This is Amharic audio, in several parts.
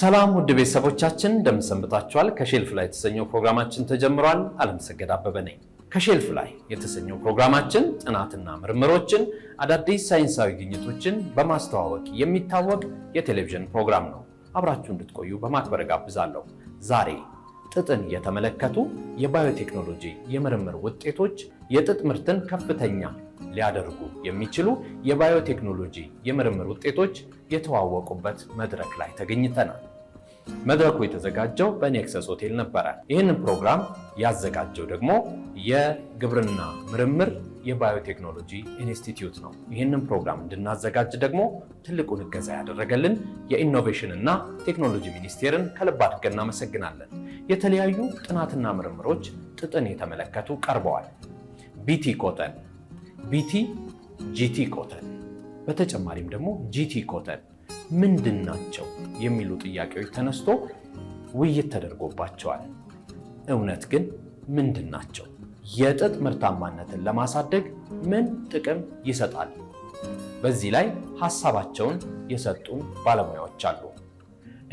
ሰላም ውድ ቤተሰቦቻችን እንደምንሰንብታችኋል። ከሼልፍ ላይ የተሰኘው ፕሮግራማችን ተጀምሯል። አለምሰገድ አበበ ነኝ። ከሼልፍ ላይ የተሰኘው ፕሮግራማችን ጥናትና ምርምሮችን፣ አዳዲስ ሳይንሳዊ ግኝቶችን በማስተዋወቅ የሚታወቅ የቴሌቪዥን ፕሮግራም ነው። አብራችሁ እንድትቆዩ በማክበር ጋብዛለሁ። ዛሬ ጥጥን የተመለከቱ የባዮቴክኖሎጂ የምርምር ውጤቶች የጥጥ ምርትን ከፍተኛ ሊያደርጉ የሚችሉ የባዮቴክኖሎጂ የምርምር ውጤቶች የተዋወቁበት መድረክ ላይ ተገኝተናል። መድረኩ የተዘጋጀው በኔክሰስ ሆቴል ነበረ። ይህንን ፕሮግራም ያዘጋጀው ደግሞ የግብርና ምርምር የባዮቴክኖሎጂ ኢንስቲትዩት ነው። ይህንን ፕሮግራም እንድናዘጋጅ ደግሞ ትልቁን እገዛ ያደረገልን የኢኖቬሽን እና ቴክኖሎጂ ሚኒስቴርን ከልብ አድርገን እናመሰግናለን። የተለያዩ ጥናትና ምርምሮች ጥጥን የተመለከቱ ቀርበዋል። ቢቲ ኮተን፣ ቢቲ ጂቲ ኮተን፣ በተጨማሪም ደግሞ ጂቲ ኮተን ምንድን ናቸው የሚሉ ጥያቄዎች ተነስቶ ውይይት ተደርጎባቸዋል። እውነት ግን ምንድን ናቸው? የጥጥ ምርታማነትን ለማሳደግ ምን ጥቅም ይሰጣል? በዚህ ላይ ሀሳባቸውን የሰጡን ባለሙያዎች አሉ።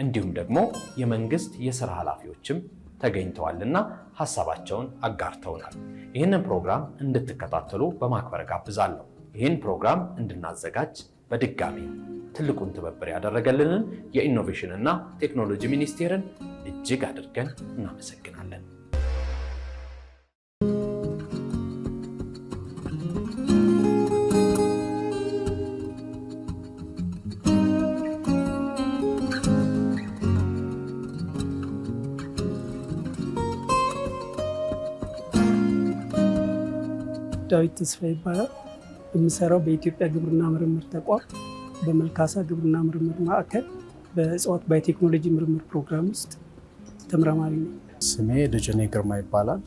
እንዲሁም ደግሞ የመንግስት የስራ ኃላፊዎችም ተገኝተዋል እና ሀሳባቸውን አጋርተውናል። ይህንን ፕሮግራም እንድትከታተሉ በማክበር ጋብዛለሁ። ይህን ፕሮግራም እንድናዘጋጅ በድጋሚ ትልቁን ትብብር ያደረገልንን የኢኖቬሽን እና ቴክኖሎጂ ሚኒስቴርን እጅግ አድርገን እናመሰግናለን። ዳዊት ተስፋ ይባላል። የምሰራው በኢትዮጵያ ግብርና ምርምር ተቋም በመልካሳ ግብርና ምርምር ማዕከል በእጽዋት ባዮቴክኖሎጂ ምርምር ፕሮግራም ውስጥ ተመራማሪ ነው። ስሜ ደጀኔ ግርማ ይባላል።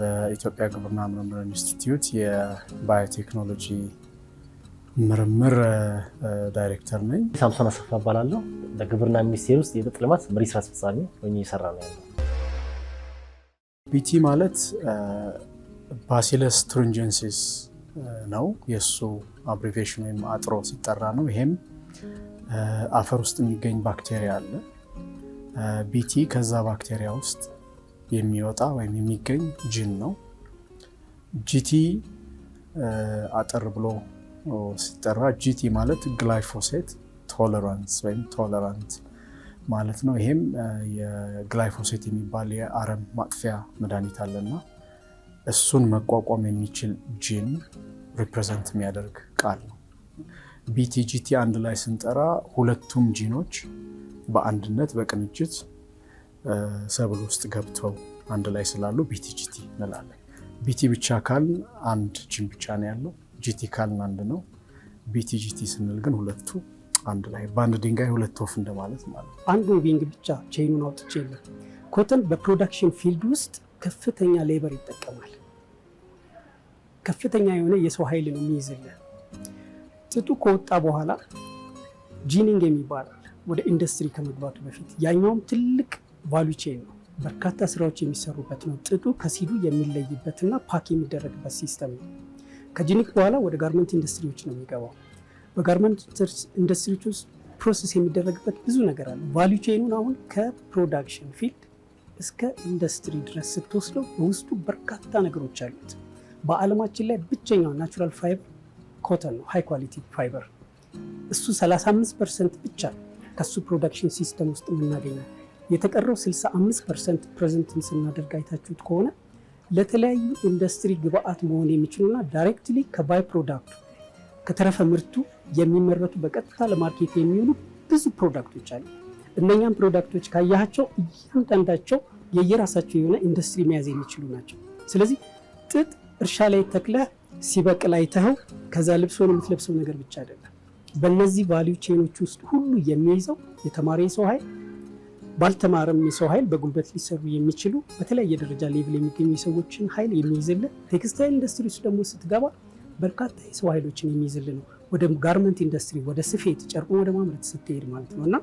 በኢትዮጵያ ግብርና ምርምር ኢንስቲትዩት የባዮቴክኖሎጂ ምርምር ዳይሬክተር ነኝ። ሳምሶን አሰፋ እባላለሁ። በግብርና ሚኒስቴር ውስጥ የጥጥ ልማት መሪ ስራ አስፈጻሚ ሆኜ እየሰራ ነው ያለው። ቢቲ ማለት ባሲለስ ትሩንጀንሲስ ነው የእሱ አብሪቬሽን ወይም አጥሮ ሲጠራ ነው። ይሄም አፈር ውስጥ የሚገኝ ባክቴሪያ አለ። ቢቲ ከዛ ባክቴሪያ ውስጥ የሚወጣ ወይም የሚገኝ ጅን ነው። ጂቲ አጠር ብሎ ሲጠራ ጂቲ ማለት ግላይፎሴት ቶለራንስ ወይም ቶለራንት ማለት ነው። ይሄም የግላይፎሴት የሚባል የአረም ማጥፊያ መድኃኒት አለና እሱን መቋቋም የሚችል ጂን ሪፕሬዘንት የሚያደርግ ቃል ነው። ቢቲጂቲ አንድ ላይ ስንጠራ ሁለቱም ጂኖች በአንድነት በቅንጅት ሰብል ውስጥ ገብተው አንድ ላይ ስላሉ ቢቲጂቲ እንላለን። ቢቲ ብቻ ካልን አንድ ጂን ብቻ ነው ያለው። ጂቲ ካልን አንድ ነው። ቢቲጂቲ ስንል ግን ሁለቱ አንድ ላይ በአንድ ድንጋይ ሁለት ወፍ እንደማለት ማለት ነው። አንዱ ቢንግ ብቻ ቼኑን አውጥቼ የለም። ኮተን በፕሮዳክሽን ፊልድ ውስጥ ከፍተኛ ሌበር ይጠቀማል። ከፍተኛ የሆነ የሰው ኃይል ነው የሚይዝልህ። ጥጡ ከወጣ በኋላ ጂኒንግ የሚባል ወደ ኢንዱስትሪ ከመግባቱ በፊት ያኛውም ትልቅ ቫሉ ነው። በርካታ ስራዎች የሚሰሩበት ነው። ጥጡ ከሲዱ የሚለይበትና ፓክ የሚደረግበት ሲስተም ነው። ከጂኒንግ በኋላ ወደ ጋርመንት ኢንዱስትሪዎች ነው የሚገባው። በጋርመንት ኢንዱስትሪዎች ውስጥ ፕሮሰስ የሚደረግበት ብዙ ነገር አለ። ቫሉቼኑን አሁን ከፕሮዳክሽን ፊልድ እስከ ኢንዱስትሪ ድረስ ስትወስደው በውስጡ በርካታ ነገሮች አሉት። በዓለማችን ላይ ብቸኛው ናቹራል ፋይበር ኮተን ነው፣ ሃይ ኳሊቲ ፋይበር። እሱ 35 ፐርሰንት ብቻ ከሱ ፕሮዳክሽን ሲስተም ውስጥ የምናገኘው የተቀረው 65 ፐርሰንት ፕሬዘንትን ስናደርግ አይታችሁት ከሆነ ለተለያዩ ኢንዱስትሪ ግብአት መሆን የሚችሉና ዳይሬክትሊ ከባይ ፕሮዳክቱ ከተረፈ ምርቱ የሚመረቱ በቀጥታ ለማርኬት የሚውሉ ብዙ ፕሮዳክቶች አሉ። እነኛም ፕሮዳክቶች ካያቸው እያንዳንዳቸው የየራሳቸው የሆነ ኢንዱስትሪ መያዝ የሚችሉ ናቸው። ስለዚህ ጥጥ እርሻ ላይ ተክለህ ሲበቅል አይተኸው ከዛ ልብሶን የምትለብሰው ነገር ብቻ አይደለም። በእነዚህ ቫሊዩ ቼኖች ውስጥ ሁሉ የሚይዘው የተማረ የሰው ኃይል ባልተማረም የሰው ኃይል በጉልበት ሊሰሩ የሚችሉ በተለያየ ደረጃ ሌቭል የሚገኙ የሰዎችን ኃይል የሚይዝልን፣ ቴክስታይል ኢንዱስትሪ ውስጥ ደግሞ ስትገባ በርካታ የሰው ኃይሎችን የሚይዝልን ነው። ወደ ጋርመንት ኢንዱስትሪ፣ ወደ ስፌት ጨርቁ ወደ ማምረት ስትሄድ ማለት ነው እና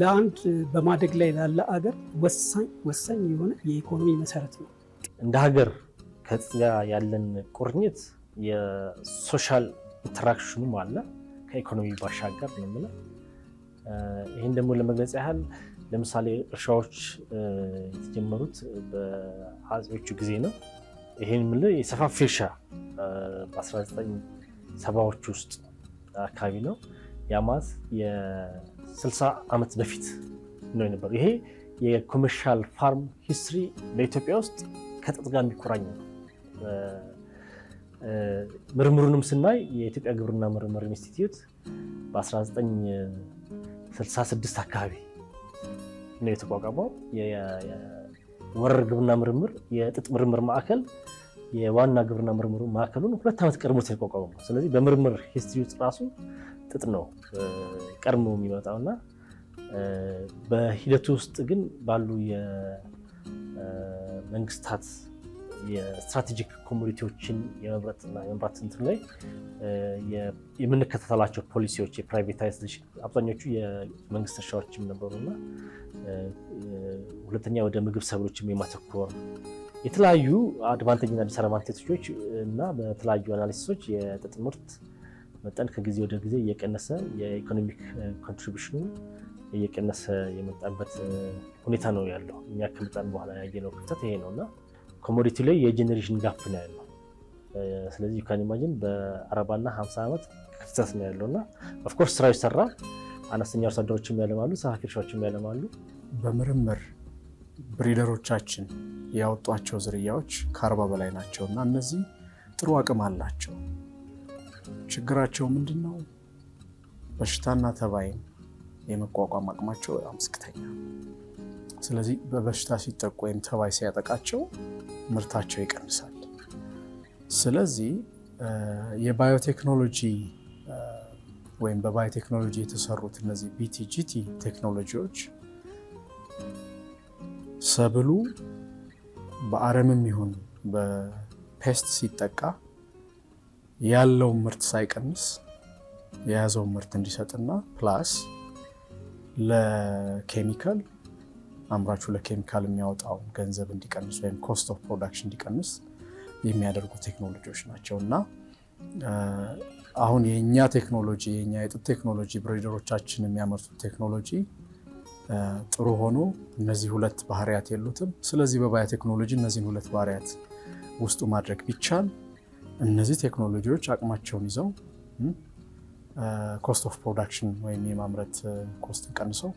ለአንድ በማደግ ላይ ላለ አገር ወሳኝ ወሳኝ የሆነ የኢኮኖሚ መሰረት ነው እንደ ሀገር ከዚህ ጋር ያለን ቁርኝት የሶሻል ኢንተራክሽኑም አለ ከኢኮኖሚ ባሻገር ነው የምለው። ይህን ደግሞ ለመግለጽ ያህል ለምሳሌ እርሻዎች የተጀመሩት በአጼዎቹ ጊዜ ነው። ይህን የምለው የሰፋፊ እርሻ በ1970ዎች ውስጥ አካባቢ ነው። ያ ማለት የ60 ዓመት በፊት ነው የነበረው። ይሄ የኮመርሻል ፋርም ሂስትሪ በኢትዮጵያ ውስጥ ከጥጥ ጋር የሚቆራኝ ነው። ምርምሩንም ስናይ የኢትዮጵያ ግብርና ምርምር ኢንስቲትዩት በ1966 አካባቢ ነው የተቋቋመው። የወረር ግብርና ምርምር የጥጥ ምርምር ማዕከል የዋና ግብርና ምርምሩ ማዕከሉን ሁለት ዓመት ቀድሞ የተቋቋመ ነው። ስለዚህ በምርምር ሂስትሪ ውስጥ ራሱ ጥጥ ነው ቀድሞ የሚመጣው እና በሂደቱ ውስጥ ግን ባሉ የመንግስታት የስትራቴጂክ ኮሚኒቲዎችን የመምረጥና የመምራት እንትን ላይ የምንከተላቸው ፖሊሲዎች የፕራይቬታይዜሽን አብዛኞቹ የመንግስት እርሻዎችም ነበሩና፣ ሁለተኛ ወደ ምግብ ሰብሎችም የማተኮር የተለያዩ አድቫንቴጅ አድቫንቴጅና ዲስአድቫንቴጆች እና በተለያዩ አናሊሲሶች የጥጥ ምርት መጠን ከጊዜ ወደ ጊዜ እየቀነሰ የኢኮኖሚክ ኮንትሪቢሽኑ እየቀነሰ የመጣበት ሁኔታ ነው ያለው። እኛ ከመጣን በኋላ ያየነው ክፍተት ይሄ ነው እና ኮሞዲቲ ላይ የጀኔሬሽን ጋፕ ነው ያለው። ስለዚህ ዩካን ኢማጂን በአርባና ሀምሳ ዓመት ክፍተት ነው ያለው እና ኦፍኮርስ ስራው ይሰራል። አነስተኛ አርሶ አደሮችም ያለማሉ፣ ሰፋፊ እርሻዎችም ያለማሉ። በምርምር ብሪደሮቻችን ያወጧቸው ዝርያዎች ከአርባ በላይ ናቸው እና እነዚህ ጥሩ አቅም አላቸው። ችግራቸው ምንድን ነው? በሽታና ተባይን የመቋቋም አቅማቸው በጣም ዝቅተኛ ስለዚህ በበሽታ ሲጠቁ ወይም ተባይ ሲያጠቃቸው ምርታቸው ይቀንሳል። ስለዚህ የባዮቴክኖሎጂ ወይም በባዮቴክኖሎጂ የተሰሩት እነዚህ ቢቲጂቲ ቴክኖሎጂዎች ሰብሉ በአረምም ይሁን በፔስት ሲጠቃ ያለውን ምርት ሳይቀንስ የያዘውን ምርት እንዲሰጥና ፕላስ ለኬሚካል አምራቹ ለኬሚካል የሚያወጣው ገንዘብ እንዲቀንስ ወይም ኮስት ኦፍ ፕሮዳክሽን እንዲቀንስ የሚያደርጉ ቴክኖሎጂዎች ናቸው እና አሁን የእኛ ቴክኖሎጂ የእኛ የጥጥ ቴክኖሎጂ ብሬደሮቻችን የሚያመርቱት ቴክኖሎጂ ጥሩ ሆኖ እነዚህ ሁለት ባህሪያት የሉትም። ስለዚህ በባያ ቴክኖሎጂ እነዚህን ሁለት ባህሪያት ውስጡ ማድረግ ቢቻል እነዚህ ቴክኖሎጂዎች አቅማቸውን ይዘው ኮስት ኦፍ ፕሮዳክሽን ወይም የማምረት ኮስትን ቀንሰው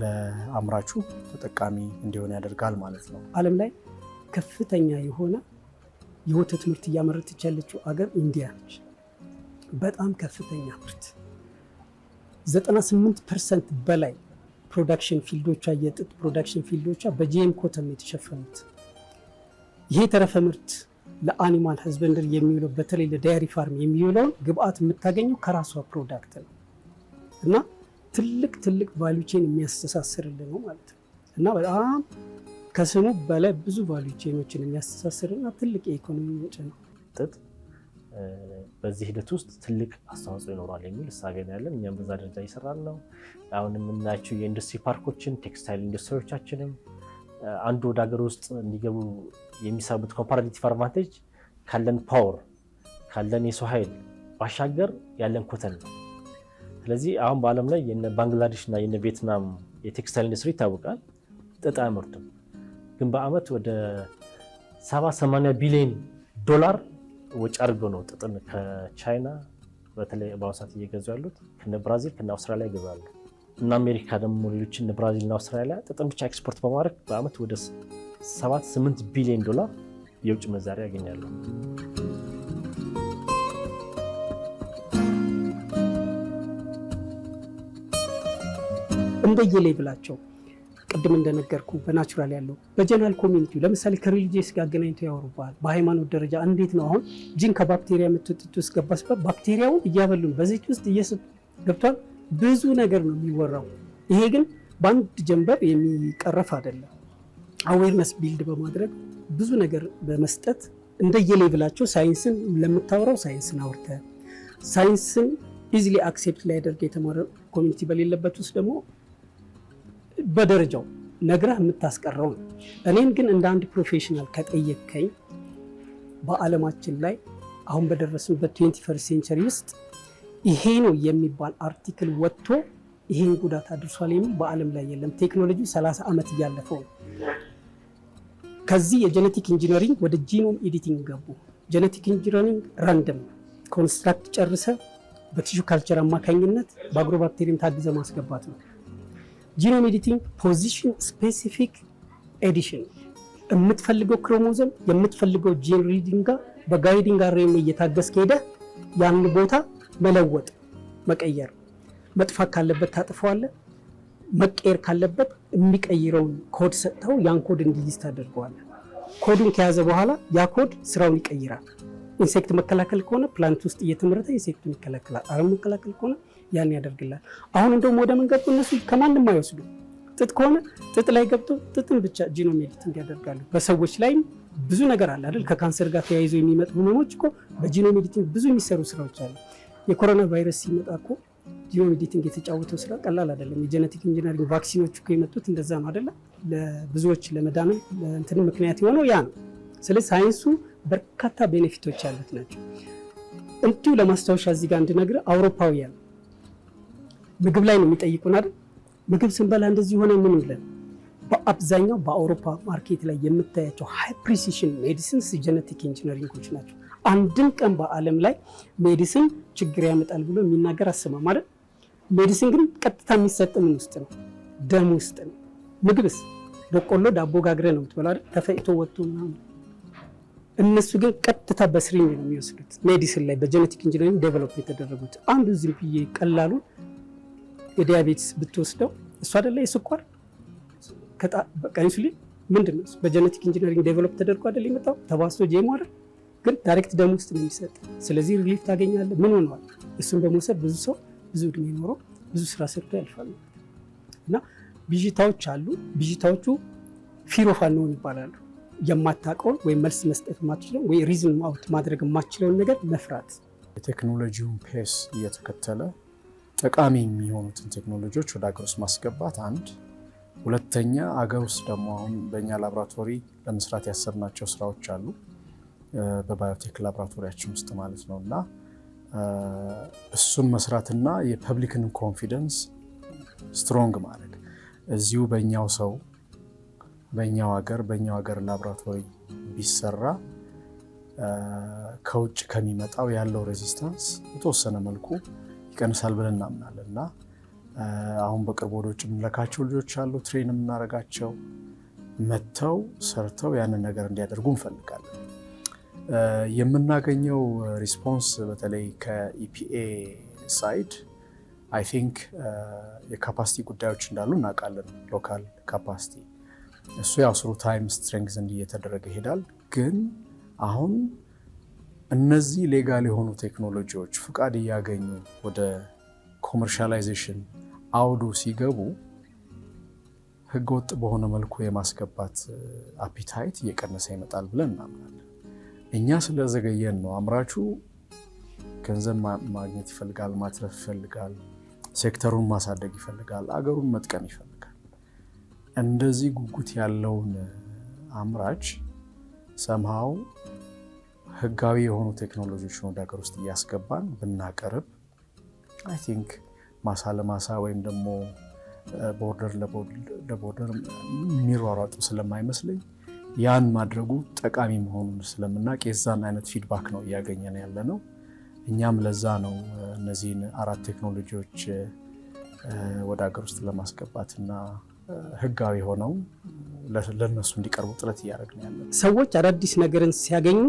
ለአምራቹ ተጠቃሚ እንዲሆን ያደርጋል ማለት ነው። ዓለም ላይ ከፍተኛ የሆነ የወተት ምርት እያመረተች ያለችው አገር ኢንዲያ ነች። በጣም ከፍተኛ ምርት 98 ፐርሰንት በላይ ፕሮዳክሽን ፊልዶቿ የጥጥ ፕሮዳክሽን ፊልዶቿ በጂኤም ኮተም የተሸፈኑት። ይሄ የተረፈ ምርት ለአኒማል ሀዝበንደር የሚውለው በተለይ ለዳያሪ ፋርም የሚውለውን ግብአት የምታገኘው ከራሷ ፕሮዳክት ነው እና ትልቅ ትልቅ ቫሉቼን የሚያስተሳስርልን ነው ማለት ነው እና በጣም ከስሙ በላይ ብዙ ቫሉቼኖችን የሚያስተሳስርና ትልቅ የኢኮኖሚ ምንጭ ነው ጥጥ። በዚህ ሂደት ውስጥ ትልቅ አስተዋጽኦ ይኖሯል የሚል እሳቤ ነው ያለን። እኛም በዛ ደረጃ ይሰራል ነው። አሁን የምናያቸው የኢንዱስትሪ ፓርኮችን፣ ቴክስታይል ኢንዱስትሪዎቻችንም አንዱ ወደ ሀገር ውስጥ እንዲገቡ የሚሰሩበት ኮምፓራቲቭ አድቫንቴጅ ካለን ፓወር ካለን የሰው ኃይል ባሻገር ያለን ኮተን ነው። ስለዚህ አሁን በዓለም ላይ የነ ባንግላዴሽ እና የነ ቪየትናም የቴክስታይል ኢንዱስትሪ ይታወቃል። ጥጥ አያመርቱም፣ ግን በአመት ወደ 78 ቢሊዮን ዶላር ወጪ አድርገው ነው ጥጥን ከቻይና በተለይ በአሁኑ ሰዓት እየገዙ ያሉት ከነ ብራዚል ከነ አውስትራሊያ ይገዛሉ። እና አሜሪካ ደግሞ ሌሎች እነ ብራዚል እና አውስትራሊያ ጥጥን ብቻ ኤክስፖርት በማድረግ በአመት ወደ 78 ቢሊዮን ዶላር የውጭ መዛሪያ ያገኛሉ። እንደየሌብላቸው ቅድም እንደነገርኩ በናቹራል ያለው በጀነራል ኮሚኒቲ ለምሳሌ ከሪሊጅስ ጋር አገናኝተው ያወሩባል። በሃይማኖት ደረጃ እንዴት ነው አሁን ጂን ከባክቴሪያ የምትጥጡ ውስጥ ገባስ ባክቴሪያውን እያበሉን በዚች ውስጥ እየሰጡ ገብቷል። ብዙ ነገር ነው የሚወራው። ይሄ ግን በአንድ ጀንበር የሚቀረፍ አይደለም። አዌርነስ ቢልድ በማድረግ ብዙ ነገር በመስጠት እንደየሌብላቸው ሳይንስን ለምታወራው ሳይንስን አውርተ ሳይንስን ኢዚሊ አክሴፕት ላያደርግ የተማረ ኮሚኒቲ በሌለበት ውስጥ ደግሞ በደረጃው ነግረህ የምታስቀረው ነው። እኔን ግን እንደ አንድ ፕሮፌሽናል ከጠየቅከኝ በዓለማችን ላይ አሁን በደረስንበት ትዌንቲ ፈርስት ሴንቸሪ ውስጥ ይሄ ነው የሚባል አርቲክል ወጥቶ ይሄን ጉዳት አድርሷል የሚል በዓለም ላይ የለም። ቴክኖሎጂ 30 ዓመት እያለፈው ነው። ከዚህ የጄኔቲክ ኢንጂነሪንግ ወደ ጂኖም ኤዲቲንግ ገቡ። ጄኔቲክ ኢንጂነሪንግ ራንደም ኮንስትራክት ጨርሰ በቲሹ ካልቸር አማካኝነት በአግሮባክቴሪየም ታግዘ ማስገባት ነው። ጂኖም ኤዲቲንግ ፖዚሽን ስፔሲፊክ ኤዲሽን የምትፈልገው ክሮሞዞም የምትፈልገው ጂን ሪዲንግ ጋር በጋይዲንግ አር እየታገስ ከሄደ ያን ቦታ መለወጥ መቀየር፣ መጥፋት ካለበት ታጥፈዋለ፣ መቀየር ካለበት የሚቀይረውን ኮድ ሰጥተው ያን ኮድ እንዲይዝ ታደርገዋለ። ኮዱን ከያዘ በኋላ ያ ኮድ ስራውን ይቀይራል። ኢንሴክት መከላከል ከሆነ ፕላንት ውስጥ እየተመረተ ኢንሴክቱን ይከላከላል። አረም መከላከል ከሆነ ያን ያደርግላል። አሁን እንደውም ወደ መንገድ ገብቶ እነሱ ከማንም አይወስዱ ጥጥ ከሆነ ጥጥ ላይ ገብቶ ጥጥን ብቻ ጂኖም ኤዲቲንግ ያደርጋሉ። በሰዎች ላይም ብዙ ነገር አለ አይደል? ከካንሰር ጋር ተያይዞ የሚመጡ ህመሞች እኮ በጂኖም ኤዲቲንግ ብዙ የሚሰሩ ስራዎች አሉ። የኮሮና ቫይረስ ሲመጣ እኮ ጂኖም ኤዲቲንግ የተጫወተው ስራ ቀላል አይደለም። የጀነቲክ ኢንጂነሪንግ ቫክሲኖች እኮ የመጡት እንደዛ ነው አይደለም? ለብዙዎች ለመዳንም ለእንትን ምክንያት የሆነው ያ ነው። ስለዚህ ሳይንሱ በርካታ ቤኔፊቶች ያሉት ናቸው። እንዲሁ ለማስታወሻ እዚህ ጋር እንድነግርህ አውሮፓውያን ምግብ ላይ ነው የሚጠይቁን አይደል? ምግብ ስንበላ እንደዚህ የሆነ ምን ብለን በአብዛኛው በአውሮፓ ማርኬት ላይ የምታያቸው ሃይ ፕሪሲሽን ሜዲሲንስ ጀነቲክ ኢንጂነሪንጎች ናቸው። አንድም ቀን በዓለም ላይ ሜዲሲን ችግር ያመጣል ብሎ የሚናገር አስማ ማለት ሜዲሲን ግን ቀጥታ የሚሰጥ ምን ውስጥ ነው? ደም ውስጥ ነው። ምግብስ በቆሎ ዳቦ ጋግረ ነው ምትበላ አይደል? ተፈጭቶ ወጥቶ ምናምን። እነሱ ግን ቀጥታ በስሪኝ ነው የሚወስዱት ሜዲሲን ላይ በጀነቲክ ኢንጂነሪንግ ዴቨሎፕ የተደረጉት አንዱ ዝም ብዬ ቀላሉን የዲያቤትስ ብትወስደው እሱ አይደለ የስኳር በቃ ኢንሱሊን ምንድን ነው በጀነቲክ ኢንጂነሪንግ ዴቨሎፕ ተደርጎ አደ የመጣው ተባስቶ ጄሞ አይደል ግን ዳይሬክት ደም ውስጥ ነው የሚሰጥ ስለዚህ ሪሊፍ ታገኛለ። ምን ሆነዋል እሱን በመውሰድ ብዙ ሰው ብዙ እድሜ ኖሮ ብዙ ስራ ሰርቶ ያልፋል። እና ብዥታዎች አሉ ብዥታዎቹ ፊሮፋ ነውን ይባላሉ የማታውቀውን ወይም መልስ መስጠት የማትችለውን ወይ ሪዝን አውት ማድረግ የማትችለውን ነገር መፍራት የቴክኖሎጂውን ፔስ እየተከተለ ጠቃሚ የሚሆኑትን ቴክኖሎጂዎች ወደ ሀገር ውስጥ ማስገባት አንድ፣ ሁለተኛ አገር ውስጥ ደግሞ አሁን በእኛ ላቦራቶሪ ለመስራት ያሰብናቸው ስራዎች አሉ በባዮቴክ ላቦራቶሪያችን ውስጥ ማለት ነው እና እሱን መስራትና የፐብሊክን ኮንፊደንስ ስትሮንግ ማድረግ እዚሁ በእኛው ሰው በእኛው ሀገር በእኛው ሀገር ላቦራቶሪ ቢሰራ ከውጭ ከሚመጣው ያለው ሬዚስታንስ የተወሰነ መልኩ ይቀንሳል ብለን እናምናለን እና አሁን በቅርብ ወደ ውጭ የምንለካቸው ልጆች አሉ። ትሬን የምናደርጋቸው መጥተው ሰርተው ያንን ነገር እንዲያደርጉ እንፈልጋለን። የምናገኘው ሪስፖንስ በተለይ ከኢፒኤ ሳይድ አይ ቲንክ የካፓሲቲ ጉዳዮች እንዳሉ እናውቃለን። ሎካል ካፓሲቲ እሱ ያው ስሩ ታይም ስትሬንግዝ እየተደረገ ይሄዳል ግን አሁን እነዚህ ሌጋል የሆኑ ቴክኖሎጂዎች ፍቃድ እያገኙ ወደ ኮመርሻላይዜሽን አውዱ ሲገቡ ህገወጥ በሆነ መልኩ የማስገባት አፒታይት እየቀነሰ ይመጣል ብለን እናምናለን። እኛ ስለዘገየን ነው። አምራቹ ገንዘብ ማግኘት ይፈልጋል፣ ማትረፍ ይፈልጋል፣ ሴክተሩን ማሳደግ ይፈልጋል፣ አገሩን መጥቀም ይፈልጋል። እንደዚህ ጉጉት ያለውን አምራች ሰምሃው ህጋዊ የሆኑ ቴክኖሎጂዎችን ወደ ሀገር ውስጥ እያስገባን ብናቀርብ አይ ቲንክ ማሳ ለማሳ ወይም ደግሞ ቦርደር ለቦርደር የሚሯሯጡ ስለማይመስለኝ ያን ማድረጉ ጠቃሚ መሆኑን ስለምናውቅ የዛን አይነት ፊድባክ ነው እያገኘን ያለ ነው። እኛም ለዛ ነው እነዚህን አራት ቴክኖሎጂዎች ወደ ሀገር ውስጥ ለማስገባትና ህጋዊ ሆነው ለእነሱ እንዲቀርቡ ጥረት እያደረግን ያለ። ሰዎች አዳዲስ ነገርን ሲያገኙ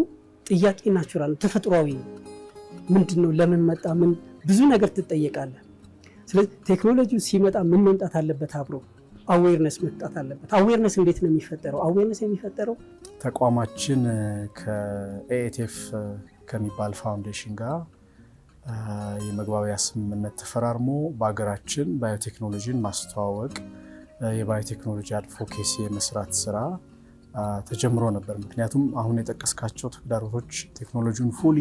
ጥያቄ ናቹራል ተፈጥሯዊ ምንድን ነው ለምን መጣ ምን ብዙ ነገር ትጠየቃለህ። ስለዚህ ቴክኖሎጂ ሲመጣ ምን መምጣት አለበት አብሮ አዌርነስ መምጣት አለበት። አዌርነስ እንዴት ነው የሚፈጠረው? አዌርነስ የሚፈጠረው ተቋማችን ከኤኤቴፍ ከሚባል ፋውንዴሽን ጋር የመግባቢያ ስምምነት ተፈራርሞ በሀገራችን ባዮቴክኖሎጂን ማስተዋወቅ የባዮቴክኖሎጂ አድቮኬሲ የመስራት ስራ ተጀምሮ ነበር። ምክንያቱም አሁን የጠቀስካቸው ተግዳሮቶች ቴክኖሎጂውን ፉሊ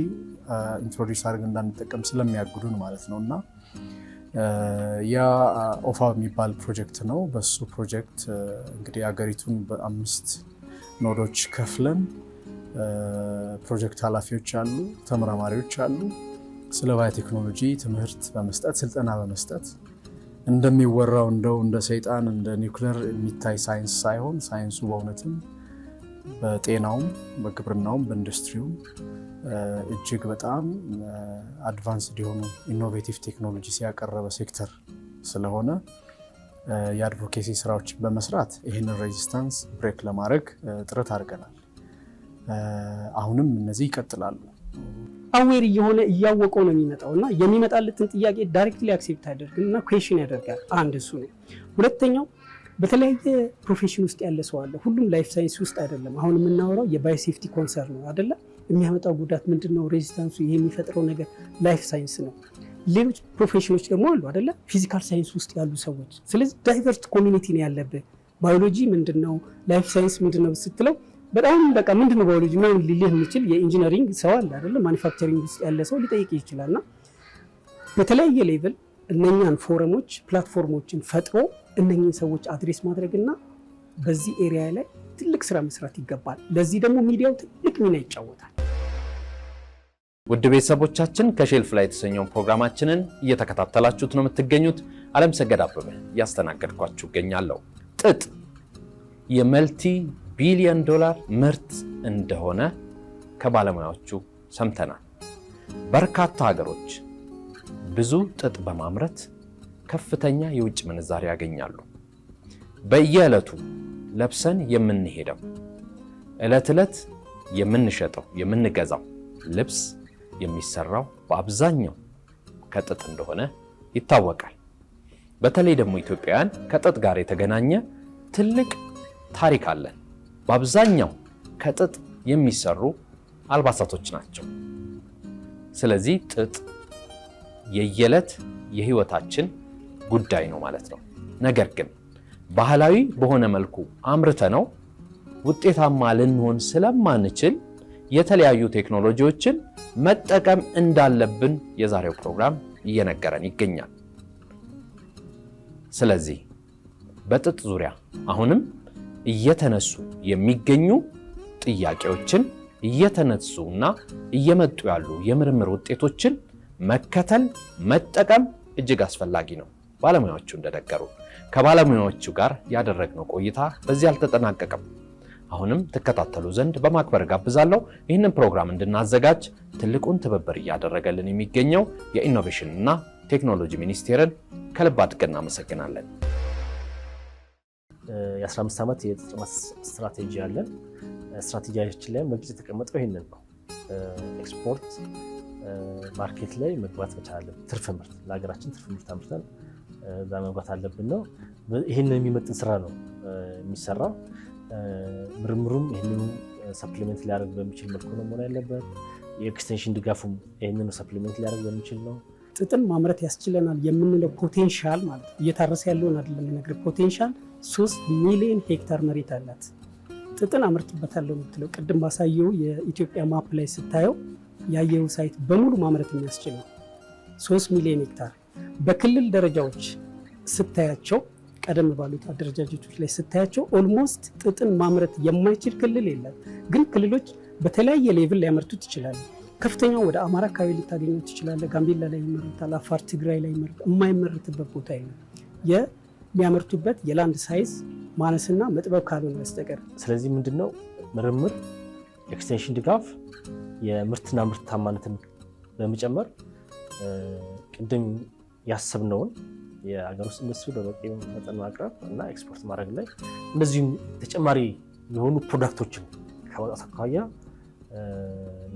ኢንትሮዲስ አድርገን እንዳንጠቀም ስለሚያግዱን ማለት ነው እና ያ ኦፋ የሚባል ፕሮጀክት ነው። በሱ ፕሮጀክት እንግዲህ ሀገሪቱን በአምስት ኖዶች ከፍለን ፕሮጀክት ኃላፊዎች አሉ፣ ተመራማሪዎች አሉ። ስለ ባዮቴክኖሎጂ ትምህርት በመስጠት ስልጠና በመስጠት እንደሚወራው እንደው እንደ ሰይጣን እንደ ኒውክለር የሚታይ ሳይንስ ሳይሆን ሳይንሱ በእውነትም በጤናውም በግብርናውም በኢንዱስትሪውም እጅግ በጣም አድቫንስድ የሆኑ ኢኖቬቲቭ ቴክኖሎጂ ያቀረበ ሴክተር ስለሆነ የአድቮኬሲ ስራዎችን በመስራት ይህንን ሬዚስታንስ ብሬክ ለማድረግ ጥረት አድርገናል። አሁንም እነዚህ ይቀጥላሉ። አዌር እየሆነ እያወቀው ነው የሚመጣው እና የሚመጣለትን ጥያቄ ዳይሬክትሊ አክሴፕት አያደርግም እና ኩዌሽን ያደርጋል። አንድ እሱ ነው። ሁለተኛው በተለያየ ፕሮፌሽን ውስጥ ያለ ሰው አለ። ሁሉም ላይፍ ሳይንስ ውስጥ አይደለም። አሁን የምናወራው የባዮሴፍቲ ኮንሰር ነው አደለ? የሚያመጣው ጉዳት ምንድን ነው? ሬዚስታንሱ ይሄ የሚፈጥረው ነገር ላይፍ ሳይንስ ነው። ሌሎች ፕሮፌሽኖች ደግሞ አሉ አደለ? ፊዚካል ሳይንስ ውስጥ ያሉ ሰዎች። ስለዚህ ዳይቨርስ ኮሚኒቲ ነው ያለብህ። ባዮሎጂ ምንድን ነው? ላይፍ ሳይንስ ምንድን ነው ስትለው በጣም በቃ ምንድን ነው ባዮሎጂ ምናምን ሊልህ የሚችል የኢንጂነሪንግ ሰው አለ አደለ? ማኒፋክቸሪንግ ውስጥ ያለ ሰው ሊጠይቅ ይችላልና በተለያየ ሌቭል እነኛን ፎረሞች ፕላትፎርሞችን ፈጥሮ እነኚህን ሰዎች አድሬስ ማድረግና በዚህ ኤሪያ ላይ ትልቅ ስራ መስራት ይገባል። ለዚህ ደግሞ ሚዲያው ትልቅ ሚና ይጫወታል። ውድ ቤተሰቦቻችን ከሼልፍ ላይ የተሰኘውን ፕሮግራማችንን እየተከታተላችሁት ነው የምትገኙት። አለም ሰገድ አበበ እያስተናገድኳችሁ እገኛለሁ። ጥጥ የመልቲ ቢሊዮን ዶላር ምርት እንደሆነ ከባለሙያዎቹ ሰምተናል። በርካታ ሀገሮች ብዙ ጥጥ በማምረት ከፍተኛ የውጭ ምንዛሪ ያገኛሉ። በየዕለቱ ለብሰን የምንሄደው ዕለት ዕለት የምንሸጠው የምንገዛው ልብስ የሚሰራው በአብዛኛው ከጥጥ እንደሆነ ይታወቃል። በተለይ ደግሞ ኢትዮጵያውያን ከጥጥ ጋር የተገናኘ ትልቅ ታሪክ አለን። በአብዛኛው ከጥጥ የሚሰሩ አልባሳቶች ናቸው። ስለዚህ ጥጥ የየዕለት የህይወታችን ጉዳይ ነው ማለት ነው። ነገር ግን ባህላዊ በሆነ መልኩ አምርተ ነው ውጤታማ ልንሆን ስለማንችል የተለያዩ ቴክኖሎጂዎችን መጠቀም እንዳለብን የዛሬው ፕሮግራም እየነገረን ይገኛል። ስለዚህ በጥጥ ዙሪያ አሁንም እየተነሱ የሚገኙ ጥያቄዎችን እየተነሱ እና እየመጡ ያሉ የምርምር ውጤቶችን መከተል፣ መጠቀም እጅግ አስፈላጊ ነው። ባለሙያዎቹ እንደነገሩ። ከባለሙያዎቹ ጋር ያደረግነው ቆይታ በዚህ አልተጠናቀቀም። አሁንም ትከታተሉ ዘንድ በማክበር ጋብዛለሁ። ይህንን ፕሮግራም እንድናዘጋጅ ትልቁን ትብብር እያደረገልን የሚገኘው የኢኖቬሽን እና ቴክኖሎጂ ሚኒስቴርን ከልብ አድርገን እናመሰግናለን። የ15 ዓመት የጥማት ስትራቴጂ አለን። ስትራቴጂያችን ላይ መግለጽ የተቀመጠው ይህንን ነው። ኤክስፖርት ማርኬት ላይ መግባት መቻለን፣ ትርፍ ምርት ለሀገራችን ትርፍ ምርት አምርተን እዛ መግባት አለብን ነው። ይህንን የሚመጥን ስራ ነው የሚሰራው። ምርምሩም ይህንኑ ሰፕሊመንት ሊያደርግ በሚችል መልኩ ነው መሆን ያለበት። የኤክስቴንሽን ድጋፉም ይህንኑ ሰፕሊመንት ሊያደርግ በሚችል ነው። ጥጥን ማምረት ያስችለናል የምንለው ፖቴንሻል ማለት ነው። እየታረሰ ያለውን አይደለም የምነግርህ። ፖቴንሻል ሶስት ሚሊዮን ሄክታር መሬት አላት ጥጥን አምርትበታለሁ የምትለው ቅድም ባሳየው የኢትዮጵያ ማፕ ላይ ስታየው ያየው ሳይት በሙሉ ማምረት የሚያስችል ነው። ሶስት ሚሊዮን ሄክታር በክልል ደረጃዎች ስታያቸው ቀደም ባሉት አደረጃጀቶች ላይ ስታያቸው ኦልሞስት ጥጥን ማምረት የማይችል ክልል የለም። ግን ክልሎች በተለያየ ሌቭል ሊያመርቱት ይችላሉ። ከፍተኛው ወደ አማራ አካባቢ ልታገኘው ትችላለ። ጋምቤላ ላይ ይመረታል፣ አፋር፣ ትግራይ ላይ ይመረታል። የማይመረትበት ቦታ የለም። የሚያመርቱበት የላንድ ሳይዝ ማነስና መጥበብ ካልሆነ በስተቀር። ስለዚህ ምንድን ነው ምርምር፣ ኤክስቴንሽን ድጋፍ፣ የምርትና ምርታማነትን በመጨመር ቅድም ያሰብነውን የሀገር ውስጥ ኢንዱስትሪ በበቂ መጠን ማቅረብ እና ኤክስፖርት ማድረግ ላይ እንደዚሁም ተጨማሪ የሆኑ ፕሮዳክቶችን ከማውጣት አኳያ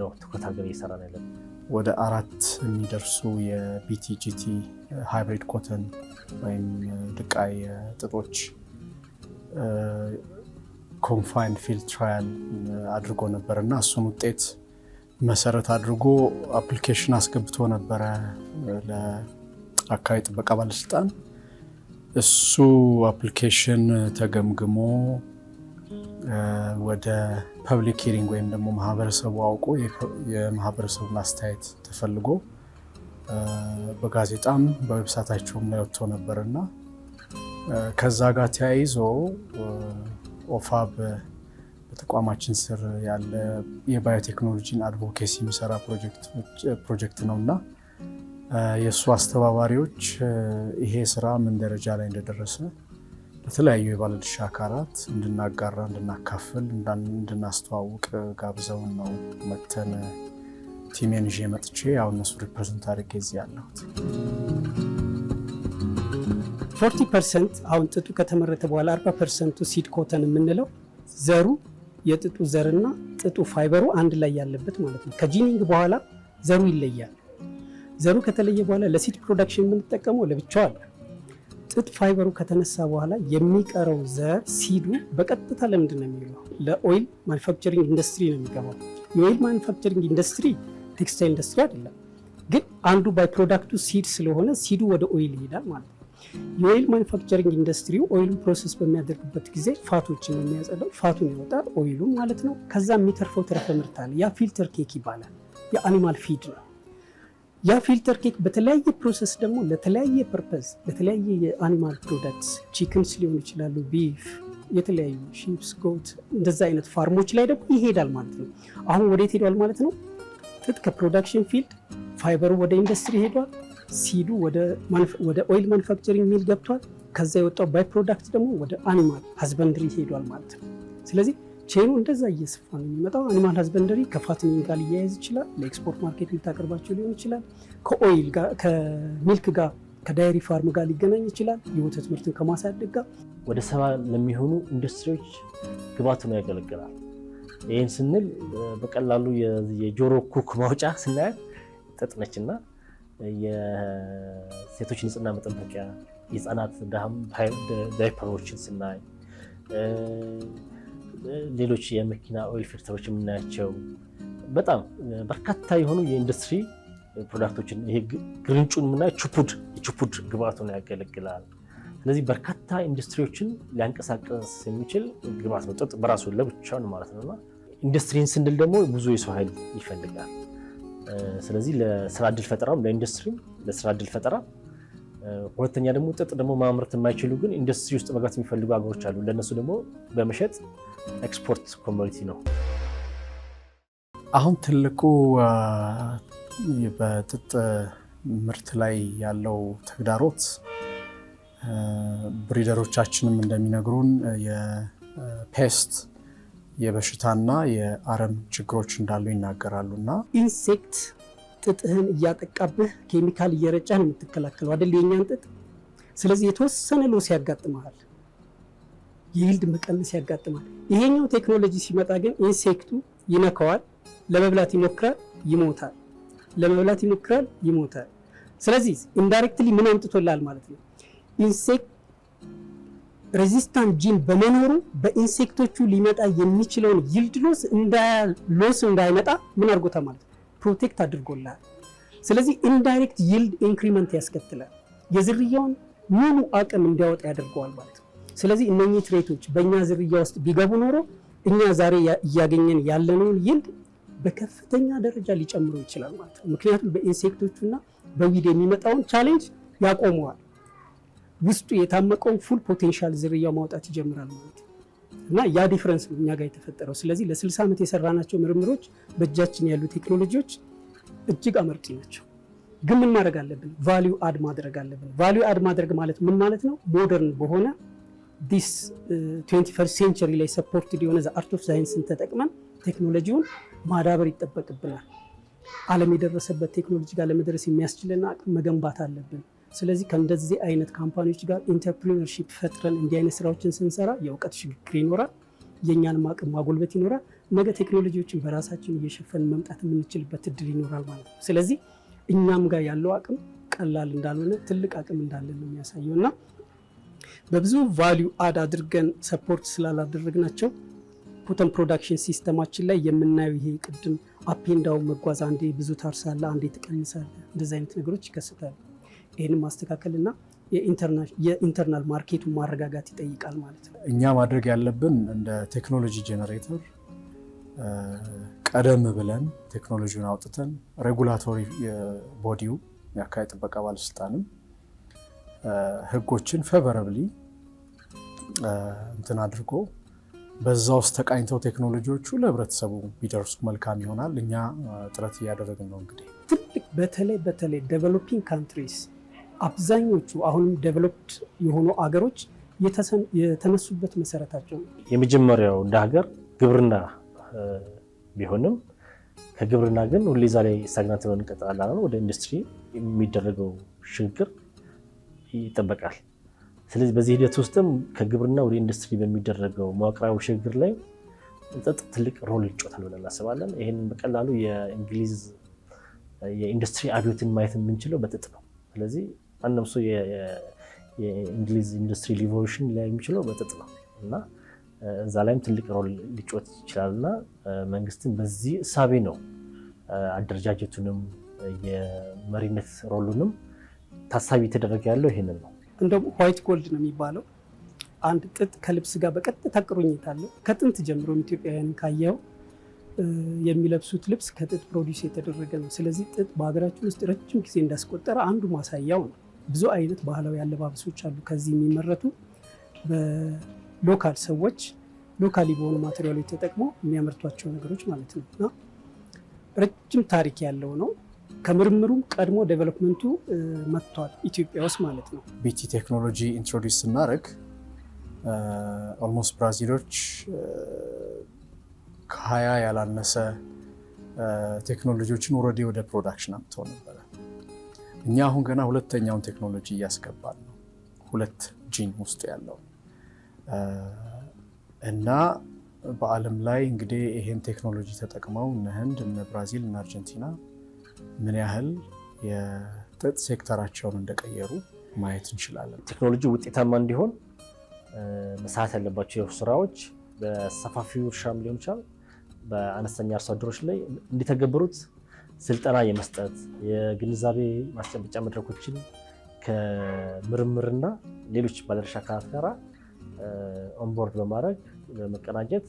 ነው ትኩረት አድርገን እየሰራ ነው ያለን። ወደ አራት የሚደርሱ የቢቲጂቲ ሃይብሪድ ኮተን ወይም ድቃይ ጥጦች ኮንፋይን ፊልድ ትራያል አድርጎ ነበር እና እሱን ውጤት መሰረት አድርጎ አፕሊኬሽን አስገብቶ ነበረ አካባቢ ጥበቃ ባለስልጣን እሱ አፕሊኬሽን ተገምግሞ ወደ ፐብሊክ ሂሪንግ ወይም ደግሞ ማህበረሰቡ አውቆ የማህበረሰቡን አስተያየት ተፈልጎ በጋዜጣም በዌብሳይታቸውም ላይ ወጥቶ ነበር እና ከዛ ጋር ተያይዞ ኦፋብ በተቋማችን ስር ያለ የባዮቴክኖሎጂን አድቮኬሲ የሚሰራ ፕሮጀክት ነው እና የእሱ አስተባባሪዎች ይሄ ስራ ምን ደረጃ ላይ እንደደረሰ ለተለያዩ የባለድርሻ አካላት እንድናጋራ፣ እንድናካፍል፣ እንድናስተዋውቅ ጋብዘውን ነው መተን ቲሜን ይዤ መጥቼ ያው እነሱ ሪፕሬዘንት አድርጌ እዚህ ያለሁት። ፎርቲ ፐርሰንት አሁን ጥጡ ከተመረተ በኋላ አርባ ፐርሰንቱ ሲድ ኮተን የምንለው ዘሩ የጥጡ ዘርና ጥጡ ፋይበሩ አንድ ላይ ያለበት ማለት ነው። ከጂኒንግ በኋላ ዘሩ ይለያል። ዘሩ ከተለየ በኋላ ለሲድ ፕሮዳክሽን የምንጠቀመው ለብቻው አለ። ጥጥ ፋይበሩ ከተነሳ በኋላ የሚቀረው ዘር ሲዱ በቀጥታ ለምንድን ነው የሚውለው? ለኦይል ማኒፋክቸሪንግ ኢንዱስትሪ ነው የሚገባው። የኦይል ማኒፋክቸሪንግ ኢንዱስትሪ ቴክስታይል ኢንዱስትሪ አይደለም፣ ግን አንዱ ባይ ፕሮዳክቱ ሲድ ስለሆነ ሲዱ ወደ ኦይል ይሄዳል ማለት ነው። የኦይል ማኒፋክቸሪንግ ኢንዱስትሪ ኦይሉን ፕሮሰስ በሚያደርግበት ጊዜ ፋቶችን የሚያጸዳው ፋቱን ያወጣል ኦይሉ ማለት ነው። ከዛ የሚተርፈው ትረፈ ምርት አለ። ያ ፊልተር ኬክ ይባላል። የአኒማል ፊድ ነው። ያ ፊልተር ኬክ በተለያየ ፕሮሰስ ደግሞ ለተለያየ ፐርፐዝ ለተለያየ የአኒማል ፕሮዳክትስ ቺክንስ ሊሆን ይችላሉ፣ ቢፍ፣ የተለያዩ ሺፕስ፣ ጎት እንደዛ አይነት ፋርሞች ላይ ደግሞ ይሄዳል ማለት ነው። አሁን ወዴት ሄዷል ማለት ነው? ጥጥ ከፕሮዳክሽን ፊልድ ፋይበሩ ወደ ኢንዱስትሪ ሄዷል። ሲዱ ወደ ኦይል ማኑፋክቸሪንግ ሚል ገብቷል። ከዛ የወጣው ባይ ፕሮዳክት ደግሞ ወደ አኒማል ሀዝበንድሪ ሄዷል ማለት ነው። ስለዚህ ቼኑ እንደዛ እየሰፋ ነው የሚመጣው። አኒማል ሀዝበንደሪ ከፋትኒንግ ጋር ሊያያዝ ይችላል። ለኤክስፖርት ማርኬት ልታቀርባቸው ሊሆን ይችላል። ከኦይል ጋር፣ ከሚልክ ጋር፣ ከዳይሪ ፋርም ጋር ሊገናኝ ይችላል። የወተት ምርትን ከማሳደግ ጋር ወደ ሰባ ለሚሆኑ ኢንዱስትሪዎች ግባት ነው ያገለግላል። ይህን ስንል በቀላሉ የጆሮ ኩክ ማውጫ ስናያት ጥጥ እና የሴቶች ንጽህና መጠበቂያ የህፃናት ዳይፐሮችን ስናይ ሌሎች የመኪና ኦይል ፊልተሮች የምናያቸው በጣም በርካታ የሆኑ የኢንዱስትሪ ፕሮዳክቶችን ይሄ ግርንጩን የምናየው ቹፑድ የቹፑድ ግብአት ያገለግላል። ስለዚህ በርካታ ኢንዱስትሪዎችን ሊያንቀሳቀስ የሚችል ግብአት ነው ጥጥ በራሱ ለብቻውን ማለት ነውና ኢንዱስትሪን ስንል ደግሞ ብዙ የሰው ኃይል ይፈልጋል። ስለዚህ ለስራ እድል ፈጠራም ለኢንዱስትሪ ለስራ እድል ፈጠራ ሁለተኛ ደግሞ ጥጥ ደግሞ ማምረት የማይችሉ ግን ኢንዱስትሪ ውስጥ መግባት የሚፈልጉ ሀገሮች አሉ። ለእነሱ ደግሞ በመሸጥ ኤክስፖርት ኮሚኒቲ ነው። አሁን ትልቁ በጥጥ ምርት ላይ ያለው ተግዳሮት ብሪደሮቻችንም እንደሚነግሩን የፔስት የበሽታና የአረም ችግሮች እንዳሉ ይናገራሉ። እና ኢንሴክት ጥጥህን እያጠቃብህ ኬሚካል እየረጫን የምትከላከለው አደል የኛን ጥጥ። ስለዚህ የተወሰነ ሎስ ያጋጥመሃል። የይልድ መቀነስ ያጋጥማል። ይሄኛው ቴክኖሎጂ ሲመጣ ግን ኢንሴክቱ ይነካዋል፣ ለመብላት ይሞክራል፣ ይሞታል፣ ለመብላት ይሞክራል፣ ይሞታል። ስለዚህ ኢንዳይሬክትሊ ምን አምጥቶላል ማለት ነው ኢንሴክት ሬዚስታንት ጂን በመኖሩ በኢንሴክቶቹ ሊመጣ የሚችለውን ይልድ ሎስ እንዳሎስ እንዳይመጣ ምን አድርጎታል ማለት ነው ፕሮቴክት አድርጎላል። ስለዚህ ኢንዳይሬክት ይልድ ኢንክሪመንት ያስከትላል። የዝርያውን ሙሉ አቅም እንዲያወጣ ያደርገዋል ማለት ነው። ስለዚህ እነኚህ ትሬቶች በእኛ ዝርያ ውስጥ ቢገቡ ኖሮ እኛ ዛሬ እያገኘን ያለነውን ይልድ በከፍተኛ ደረጃ ሊጨምረው ይችላል ማለት ነው። ምክንያቱም በኢንሴክቶቹና በዊድ የሚመጣውን ቻሌንጅ ያቆመዋል። ውስጡ የታመቀውን ፉል ፖቴንሻል ዝርያ ማውጣት ይጀምራል ማለት ነው እና ያ ዲፍረንስ ነው እኛ ጋር የተፈጠረው። ስለዚህ ለ60 ዓመት የሰራናቸው ምርምሮች፣ በእጃችን ያሉ ቴክኖሎጂዎች እጅግ አመርቂ ናቸው። ግን ምን ማድረግ አለብን? ቫሊዩ አድ ማድረግ አለብን። ቫሊዩ አድ ማድረግ ማለት ምን ማለት ነው? ሞደርን በሆነ ዲስ ትዌንቲ ፈርስት ሴንቸሪ ላይ ሰፖርትድ የሆነ አርት ኦፍ ሳይንስን ተጠቅመን ቴክኖሎጂውን ማዳበር ይጠበቅብናል። ዓለም የደረሰበት ቴክኖሎጂ ጋር ለመድረስ የሚያስችልን አቅም መገንባት አለብን። ስለዚህ ከእንደዚህ አይነት ካምፓኒዎች ጋር ኢንተርፕሪነርሺፕ ፈጥረን እንዲህ አይነት ስራዎችን ስንሰራ የእውቀት ሽግግር ይኖራል፣ የእኛንም አቅም ማጎልበት ይኖራል። ነገ ቴክኖሎጂዎችን በራሳችን እየሸፈን መምጣት የምንችልበት እድል ይኖራል ማለት ነው። ስለዚህ እኛም ጋር ያለው አቅም ቀላል እንዳልሆነ ትልቅ አቅም እንዳለን የሚያሳየው እና በብዙ ቫሊዩ አድ አድርገን ሰፖርት ስላላደረግናቸው ፖተን ፕሮዳክሽን ሲስተማችን ላይ የምናየው ይሄ ቅድም አፔንዳው መጓዝ አንዴ ብዙ ታርሳለ፣ አንዴ ትቀንሳለ፣ እንደዚህ አይነት ነገሮች ይከሰታሉ። ይህን ማስተካከልና የኢንተርናል ማርኬቱን ማረጋጋት ይጠይቃል ማለት ነው። እኛ ማድረግ ያለብን እንደ ቴክኖሎጂ ጄኔሬተር ቀደም ብለን ቴክኖሎጂውን አውጥተን ሬጉላቶሪ ቦዲው የአካባቢ ጥበቃ ባለስልጣንም ህጎችን ፌቨረብሊ እንትን አድርጎ በዛ ውስጥ ተቃኝተው ቴክኖሎጂዎቹ ለህብረተሰቡ ቢደርሱ መልካም ይሆናል። እኛ ጥረት እያደረግን ነው። እንግዲህ ትልቅ በተለይ በተለይ ዴቨሎፒንግ ካንትሪስ አብዛኞቹ አሁንም ዴቨሎፕድ የሆኑ አገሮች የተነሱበት መሰረታቸው ነው። የመጀመሪያው እንደ ሀገር ግብርና ቢሆንም ከግብርና ግን ሁሌ ዛ ላይ ስታግናት ሆነን እንቀጥላለን። ወደ ኢንዱስትሪ የሚደረገው ሽግግር ይጠበቃል። ስለዚህ በዚህ ሂደት ውስጥም ከግብርና ወደ ኢንዱስትሪ በሚደረገው መዋቅራዊ ሽግግር ላይ ጥጥ ትልቅ ሮል ይጫወታል ብለን እናስባለን። ይህንን በቀላሉ የእንግሊዝ የኢንዱስትሪ አብዮትን ማየት የምንችለው በጥጥ ነው። ስለዚህ አንድም ሰው የእንግሊዝ ኢንዱስትሪ ሪቮሉሽን ላይ የሚችለው በጥጥ ነው እና እዛ ላይም ትልቅ ሮል ሊጫወት ይችላል እና መንግስትም በዚህ እሳቤ ነው አደረጃጀቱንም የመሪነት ሮሉንም ታሳቢ የተደረገ ያለው ይሄንን ነው። እንደውም ዋይት ጎልድ ነው የሚባለው። አንድ ጥጥ ከልብስ ጋር በቀጥታ ቁርኝት አለው። ከጥንት ጀምሮ ኢትዮጵያውያን ካየው የሚለብሱት ልብስ ከጥጥ ፕሮዲስ የተደረገ ነው። ስለዚህ ጥጥ በሀገራችን ውስጥ ረጅም ጊዜ እንዳስቆጠረ አንዱ ማሳያው ነው። ብዙ አይነት ባህላዊ አለባበሶች አሉ። ከዚህ የሚመረቱ በሎካል ሰዎች ሎካሊ በሆኑ ማቴሪያሎች ተጠቅሞ የሚያመርቷቸው ነገሮች ማለት ነው እና ረጅም ታሪክ ያለው ነው። ከምርምሩም ቀድሞ ዴቨሎፕመንቱ መጥቷል ኢትዮጵያ ውስጥ ማለት ነው። ቢቲ ቴክኖሎጂ ኢንትሮዲስ ስናደርግ ኦልሞስት ብራዚሎች ከሀያ ያላነሰ ቴክኖሎጂዎችን ኦልሬዲ ወደ ፕሮዳክሽን አምጥተው ነበረ። እኛ አሁን ገና ሁለተኛውን ቴክኖሎጂ እያስገባል ነው፣ ሁለት ጂን ውስጥ ያለው እና በዓለም ላይ እንግዲህ ይሄን ቴክኖሎጂ ተጠቅመው እነ ህንድ እነ ብራዚል እነ አርጀንቲና ምን ያህል የጥጥ ሴክተራቸውን እንደቀየሩ ማየት እንችላለን። ቴክኖሎጂ ውጤታማ እንዲሆን መሰራት ያለባቸው ስራዎች በሰፋፊው እርሻም ሊሆን ይችላል፣ በአነስተኛ አርሶ አደሮች ላይ እንዲተገብሩት ስልጠና የመስጠት የግንዛቤ ማስጨበጫ መድረኮችን ከምርምርና ሌሎች ባለድርሻ አካላት ጋር ኦንቦርድ በማድረግ በመቀናጀት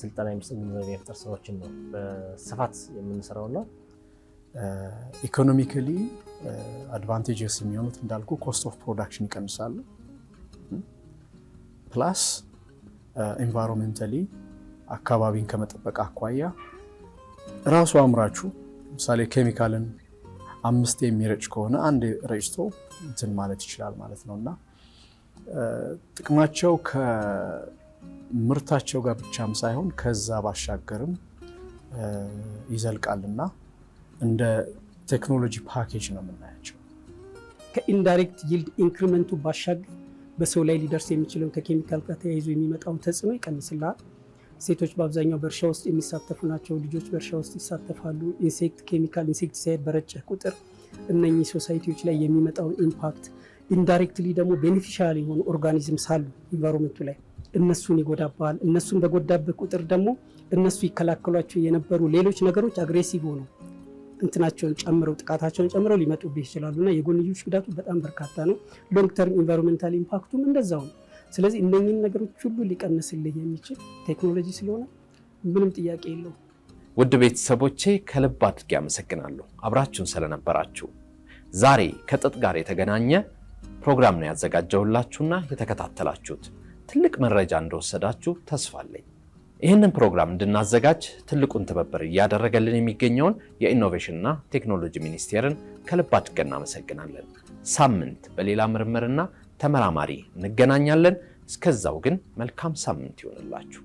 ስልጠና የመስጠት ግንዛቤ የመፍጠር ስራዎችን ነው በስፋት የምንሰራውና ኢኮኖሚካሊ አድቫንቴጅስ የሚሆኑት እንዳልኩ ኮስት ኦፍ ፕሮዳክሽን ይቀንሳሉ። ፕላስ ኢንቫይሮንመንታሊ አካባቢን ከመጠበቅ አኳያ ራሱ አምራቹ ለምሳሌ ኬሚካልን አምስት የሚረጭ ከሆነ አንድ ረጭቶ እንትን ማለት ይችላል ማለት ነው እና ጥቅማቸው ከምርታቸው ጋር ብቻም ሳይሆን ከዛ ባሻገርም ይዘልቃልና እንደ ቴክኖሎጂ ፓኬጅ ነው የምናያቸው። ከኢንዳይሬክት ይልድ ኢንክሪመንቱ ባሻገር በሰው ላይ ሊደርስ የሚችለውን ከኬሚካል ጋር ተያይዞ የሚመጣውን ተጽዕኖ ይቀንስላል። ሴቶች በአብዛኛው በእርሻ ውስጥ የሚሳተፉ ናቸው። ልጆች በእርሻ ውስጥ ይሳተፋሉ። ኢንሴክት ኬሚካል ሳይድ በረጨ ቁጥር እነኚህ ሶሳይቲዎች ላይ የሚመጣውን ኢምፓክት ኢንዳይሬክትሊ ደግሞ ቤኔፊሻል የሆኑ ኦርጋኒዝም ሳሉ ኢንቫይሮንመንቱ ላይ እነሱን ይጎዳባል። እነሱን በጎዳበት ቁጥር ደግሞ እነሱ ይከላከሏቸው የነበሩ ሌሎች ነገሮች አግሬሲቭ ሆነው እንትናቸውን ጨምረው ጥቃታቸውን ጨምረው ሊመጡብህ ይችላሉ እና የጎንዮሽ ጉዳቱ በጣም በርካታ ነው። ሎንግ ተርም ኢንቫይሮንመንታል ኢምፓክቱም እንደዛው ነው። ስለዚህ እነኝህን ነገሮች ሁሉ ሊቀንስልህ የሚችል ቴክኖሎጂ ስለሆነ ምንም ጥያቄ የለው። ውድ ቤተሰቦቼ ከልብ አድርጌ አመሰግናለሁ አብራችሁን ስለነበራችሁ። ዛሬ ከጥጥ ጋር የተገናኘ ፕሮግራም ነው ያዘጋጀሁላችሁና የተከታተላችሁት። ትልቅ መረጃ እንደወሰዳችሁ ተስፋ አለኝ። ይህንን ፕሮግራም እንድናዘጋጅ ትልቁን ትብብር እያደረገልን የሚገኘውን የኢኖቬሽንና ቴክኖሎጂ ሚኒስቴርን ከልብ አድርገን እናመሰግናለን። ሳምንት በሌላ ምርምርና ተመራማሪ እንገናኛለን። እስከዛው ግን መልካም ሳምንት ይሆንላችሁ።